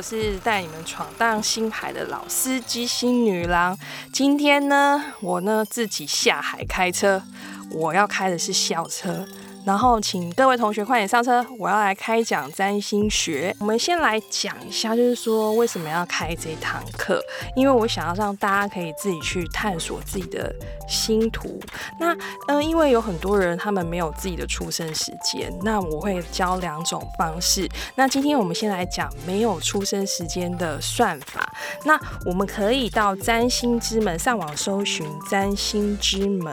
我是帶你們闖蕩星海的老司機星女郎。今天呢，我呢自己下海開車，我要開的是校車。然後，請各位同學快點上車，我要來開講占星學。我們先來講一下，就是說為什麼要開這堂課，因為我想要讓大家可以自己去探索自己的。星圖，那嗯，因為有很多人他們沒有自己的出生時間，那我會教兩種方式。那今天我們先來講沒有出生時間的算法。那我們可以到占星之門，上網搜尋占星之門，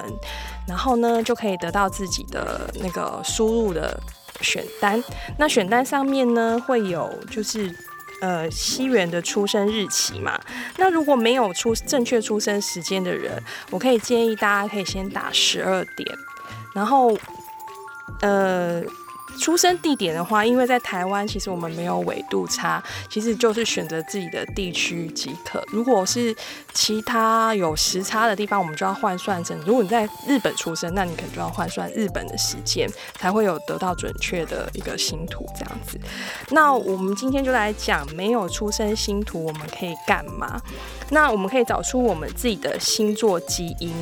然後呢就可以得到自己的那個輸入的選單。那選單上面呢會有就是。呃，西元的出生日期嘛，那如果沒有出正確出生時間的人，我可以建議大家可以先打十二點，然後，呃。出生地點的話，因為在台灣，其實我們沒有緯度差，其實就是選擇自己的地區即可。如果是其他有時差的地方，我們就要換算成。如果你在日本出生，那你可能就要換算日本的時間，才會有得到準確的一個星圖這樣子。那我們今天就來講，沒有出生星圖，我們可以幹嘛？那我們可以找出我們自己的星座基因。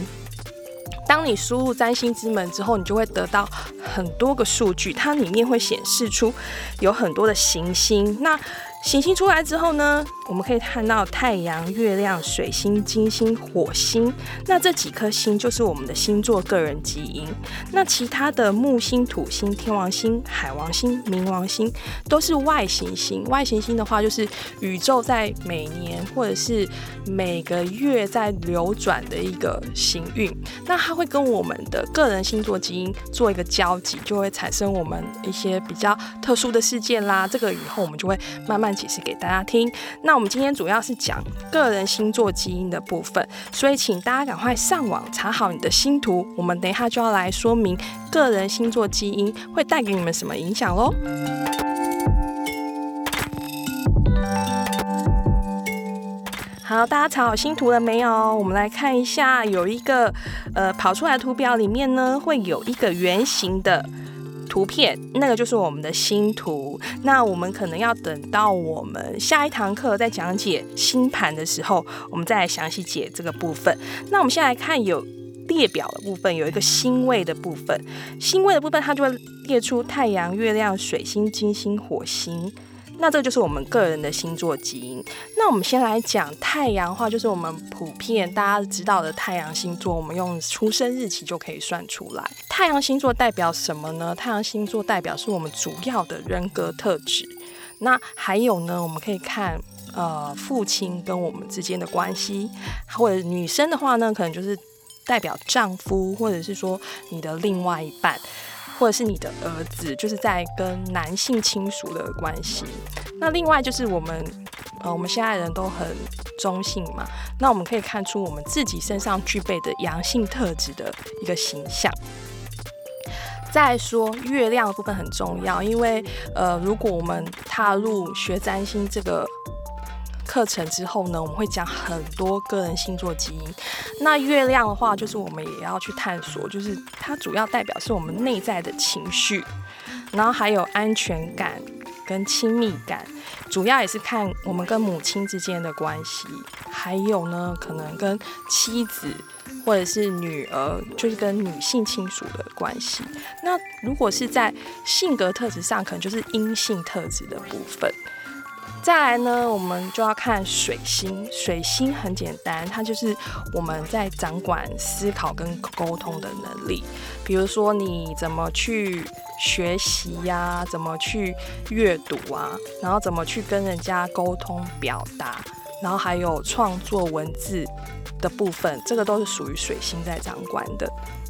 當你輸入“占星之門”之後，你就會得到很多個數據，它裡面會顯示出有很多的行星。那行星出來之後呢，我們可以看到太陽、月亮、水星、金星、火星，那這幾顆星就是我們的星座個人基因。那其他的木星、土星、天王星、海王星、冥王星都是外行星。外行星的話，就是宇宙在每年或者是每個月在流轉的一個行運。那它會跟我們的個人星座基因做一個交集，就會產生我們一些比較特殊的事件啦。這個以後我們就會慢慢。解釋給大家聽。那我們今天主要是講個人星座基因的部分，所以請大家趕快上網查好你的星圖。我們等一下就要來說明個人星座基因會帶給你們什麼影響嘍。好，大家查好星圖了沒有？我們來看一下，有一個呃跑出來的圖表裡面呢，會有一個圓形的。圖片那個就是我們的星圖，那我們可能要等到我們下一堂課再講解星盤的時候，我們再來詳細解這個部分。那我們先來看有列表的部分，有一個星位的部分，星位的部分它就會列出太陽、月亮、水星、金星、火星。那這就是我們個人的星座基因。那我們先來講，太陽的話就是我們普遍大家知道的太陽星座，我們用出生日期就可以算出來。太陽星座代表什麼呢？太陽星座代表是我們主要的人格特質。那還有呢，我們可以看呃，父親跟我們之間的關係，或者女生的話呢，可能就是代表丈夫，或者是說你的另外一半。或者是你的兒子，就是在跟男性親屬的關係。那另外就是我們，呃，我們現在人都很中性嘛，那我們可以看出我們自己身上具備的陽性特質的一個形象。再說月亮的部分很重要，因為呃，如果我們踏入學占星這個。課程之後呢，我們會講很多個人星座基因。那月亮的話，就是我們也要去探索，就是它主要代表是我們內在的情緒，然後還有安全感跟親密感，主要也是看我們跟母親之間的關係，還有呢，可能跟妻子或者是女兒，就是跟女性親屬的關係。那如果是在性格特質上，可能就是陰性特質的部分。再來呢，我們就要看水星。水星很簡單，它就是我們在掌管思考跟溝通的能力。比如說，你怎麼去學習呀？怎麼去閱讀啊？然後怎麼去跟人家溝通表達？然後還有創作文字的部分，這個都是屬於水星在掌管的。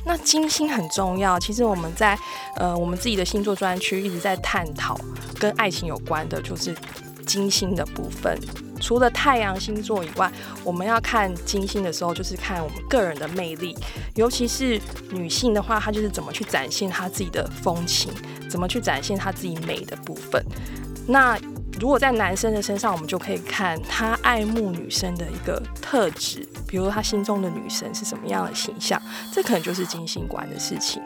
那金星很重要。其實我們在呃我們自己的星座專區一直在探討跟愛情有關的，就是。金星的部分，除了太陽星座以外，我們要看金星的時候，就是看我們個人的魅力，尤其是女性的話，她就是怎麼去展現她自己的風情，怎麼去展現她自己美的部分。那如果在男生的身上，我們就可以看他愛慕女生的一個特質，比如他心中的女神是什麼樣的形象，這可能就是金星管的事情。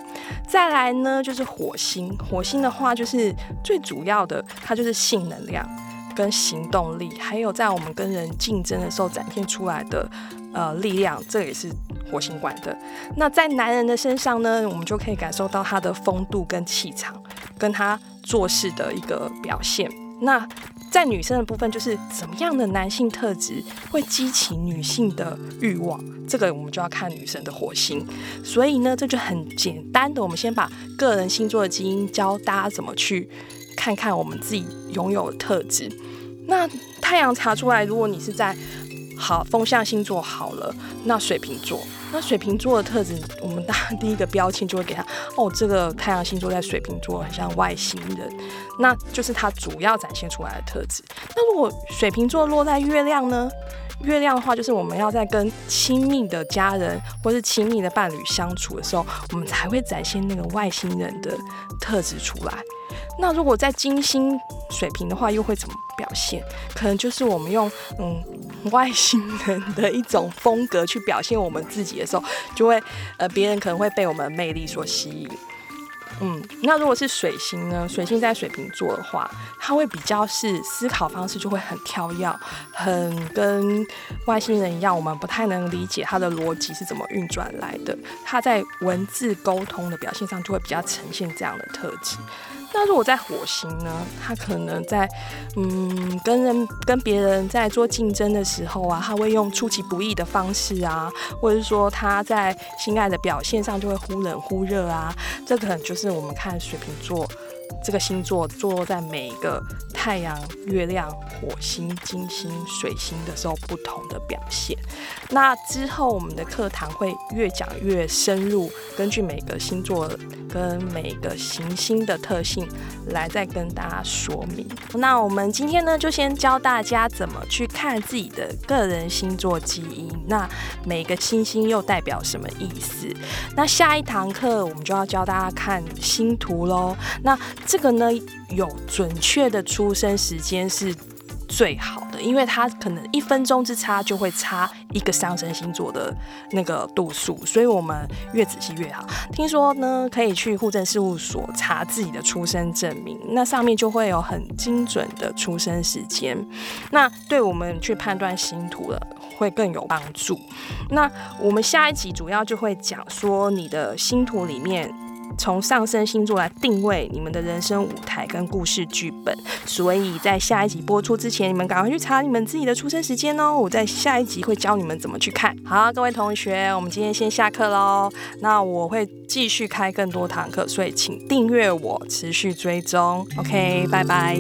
再來呢，就是火星，火星的話就是最主要的，它就是性能量。跟行動力，還有在我們跟人競爭的時候展現出來的呃力量，這也是火星管的。那在男人的身上呢，我們就可以感受到他的風度跟氣場，跟他做事的一個表現。那在女生的部分，就是怎麼樣的男性特質會激起女性的慾望，這個我們就要看女生的火星。所以呢，這就很簡單的，我們先把個人星座的基因教大家怎麼去。看看我們自己擁有的特質。那太陽查出來，如果你是在好風象星座好了，那水瓶座，那水瓶座的特質，我們當第一個標籤就會給他哦。這個太陽星座在水瓶座，很像外星人，那就是它主要展現出來的特質。那如果水瓶座落在月亮呢？月亮的話，就是我們要在跟親密的家人或是親密的伴侶相處的時候，我們才會展現那個外星人的特質出來。那如果在金星水瓶的話，又會怎麼表現？可能就是我們用嗯外星人的一種風格去表現我們自己的時候，就會呃別人可能會被我們的魅力所吸引。嗯，那如果是水星呢？水星在水瓶座的話，它會比較是思考方式就會很跳躍，很跟外星人一樣，我們不太能理解它的邏輯是怎麼運轉來的。它在文字溝通的表現上就會比較呈現這樣的特質。那如果在火星呢？他可能在，嗯，跟人跟別人在做競爭的時候啊，他會用出其不意的方式啊，或者是說他在心愛的表現上就會忽冷忽熱啊，這可能就是我們看水瓶座。這個星座坐在每一個太陽、月亮、火星、金星、水星的時候，不同的表現。那之後我們的課堂會越講越深入，根據每個星座跟每個行星的特性來再跟大家說明。那我們今天呢，就先教大家怎麼去看自己的個人星座基因。那每個星星又代表什麼意思？那下一堂課我們就要教大家看星圖嘍。那這個呢，有準確的出生時間是最好的，因為它可能一分鐘之差就會差一個上升星座的那個度數，所以我們越仔細越好。聽說呢，可以去戶政事務所查自己的出生證明，那上面就會有很精準的出生時間，那對我們去判斷星圖了會更有幫助。那我們下一集主要就會講說你的星圖裡面。從上升星座來定位你們的人生舞台跟故事劇本，所以在下一集播出之前，你們趕快去查你們自己的出生時間哦！我在下一集會教你們怎麼去看。好，各位同學，我們今天先下課嘍。那我會繼續開更多堂課，所以請訂閱我，持續追蹤。OK，拜拜。